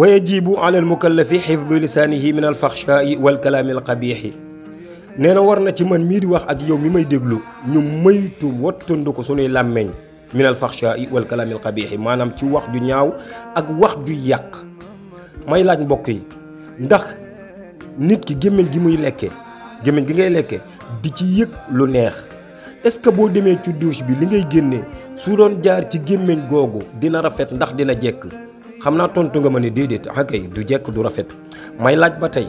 ويجب على المكلف حفظ لسانه من الفحشاء والكلام القبيح نانا ورنا تي مان ميدي واخ اك يوم مي ديغلو ني ميتو واتندو كو سوني لامين من الفحشاء والكلام القبيح مانام تي واخ دو نياو اك واخ دو ياك ماي لاج مبوكي نداخ نيت كي گيمن گي موي ليكي گيمن گي گاي ليكي دي تي ييك لو نيه است كو بو ديمي تي دوش بي لي گاي گيني سودون جار تي گيمن گوگو دينا رافيت نداخ دينا جيك xam naa tontu nga ma ne déedéet ah kay du jekk du rafet may laaj ba tey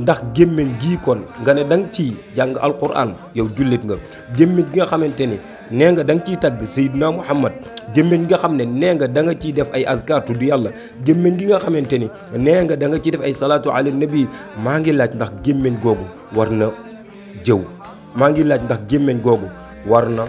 ndax gémmiñ gii kon nga ne da nga ciy jàng alquran yow jullit nga gémmiñ gi nga xamante ni nee nga da nga ciy tagg Seydina Muhammad gémmiñ nga xam ne nee nga da nga ciy def ay azkar tudd yàlla gémmiñ gi nga xamante ni nee nga da ciy def ay salaatu ala nabi maa ngi laaj ndax gémmiñ googu war na jëw maa ngi laaj ndax gémmiñ googu war na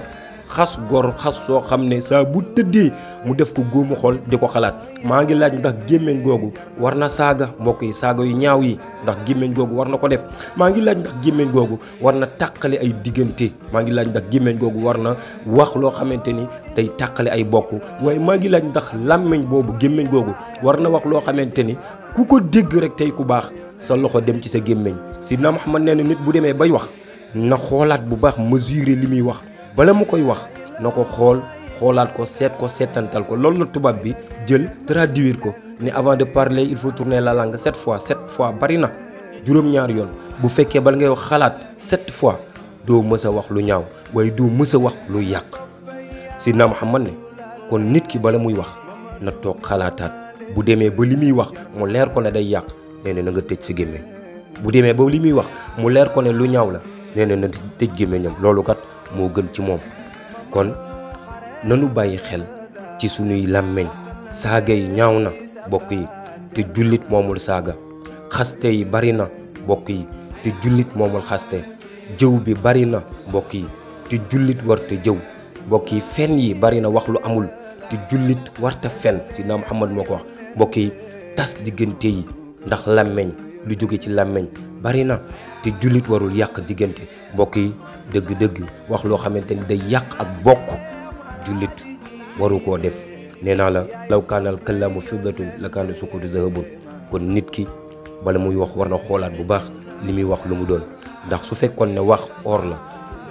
xas gor xas soo xam ne saa bu tëddee mu def ko góomu xol di ko xalaat maa ngi laaj ndax gémmiñ googu war na saaga mbokk yi saaga yu ñaaw yi ndax gémmiñ googu war na ko def maa ngi laaj ndax gémmiñ googu war na tàqale ay diggante maa ngi laaj ndax gémmiñ googu war na wax loo xamante ni tey tàqale ay bokk waaye maa ngi laaj ndax làmmiñ boobu gémmiñ googu war na wax loo xamante ni ku ko dégg rek tey ku baax sa loxo dem ci sa gémmiñ Sidna Muhammad nee na nit bu demee bay wax na xoolaat bu baax mesurer li muy wax bala mu koy wax nako xol xool ko set ko seetantal ko loolu la bi djel traduire ko ni avant de parler il faut tourner la langue sept fois sept fois barina, na ñaar yoon bu fekke bal ngay wax xalaat sept fois do mës wax lu ñaaw way doo mës wax lu yàq sidna mohammed ne kon nit ki bala muy wax na tok xalatat bu deme ba limi wax mo leer ko ne day yàq nee na nga tëj sa gemme bu deme ba limi wax mu leer ko ne lu ñaaw la nee na na gemme gémmiñam lolou kat moo gën ci moom kon nanu bàyyi xel ci sunuy làmmeñ saaga yi ñaaw na bokk yi te jullit moomul saaga xaste yi bari na bokk yi te jullit moomul xaste jëw bi bari na bokk yi te jullit warte jëw bokk yi fen yi bari na wax lu amul te jullit warta fen si naa Muhammad moo ko wax mbokk yi tas diggante yi ndax làmmeñ lu jóge ci làmmeñ bari na te jullit warul yàq diggante mbokk yi dëgg-dëgg wax loo xamante ni day yàq ak bokk jullit waru koo def nee naa la law kaanal kalaamu fiddatun la kaana sukutu zahabun kon nit ki bala muy wax war na xoolaat bu baax li muy wax lu mu doon ndax su fekkoon ne wax or la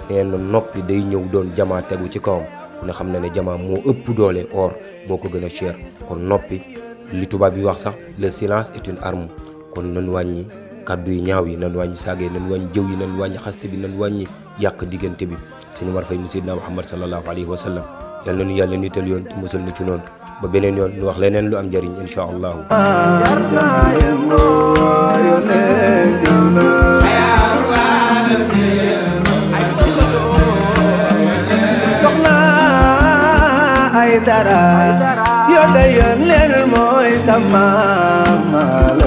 nee na noppi day ñëw doon jamaa tegu ci kawam ku ne xam na ne jamaa moo ëpp doole or moo ko gën a cher kon noppi li tubaab yi wax sax le silence est une arme kon nañu wàññi kaddu yu ñaaw yi nan wàññi saaga yi nan wàññi jëw yi nan wàññi xaste bi nan wàññi yàq diggante bi suñu war fay mu seydina muhammad sallallahu alayhi wa yàlla nu yàlla nital yoon te musal na ci noonu ba beneen yoon nu wax leneen lu am njëriñ insha allahu ay yoon de yoon mooy sama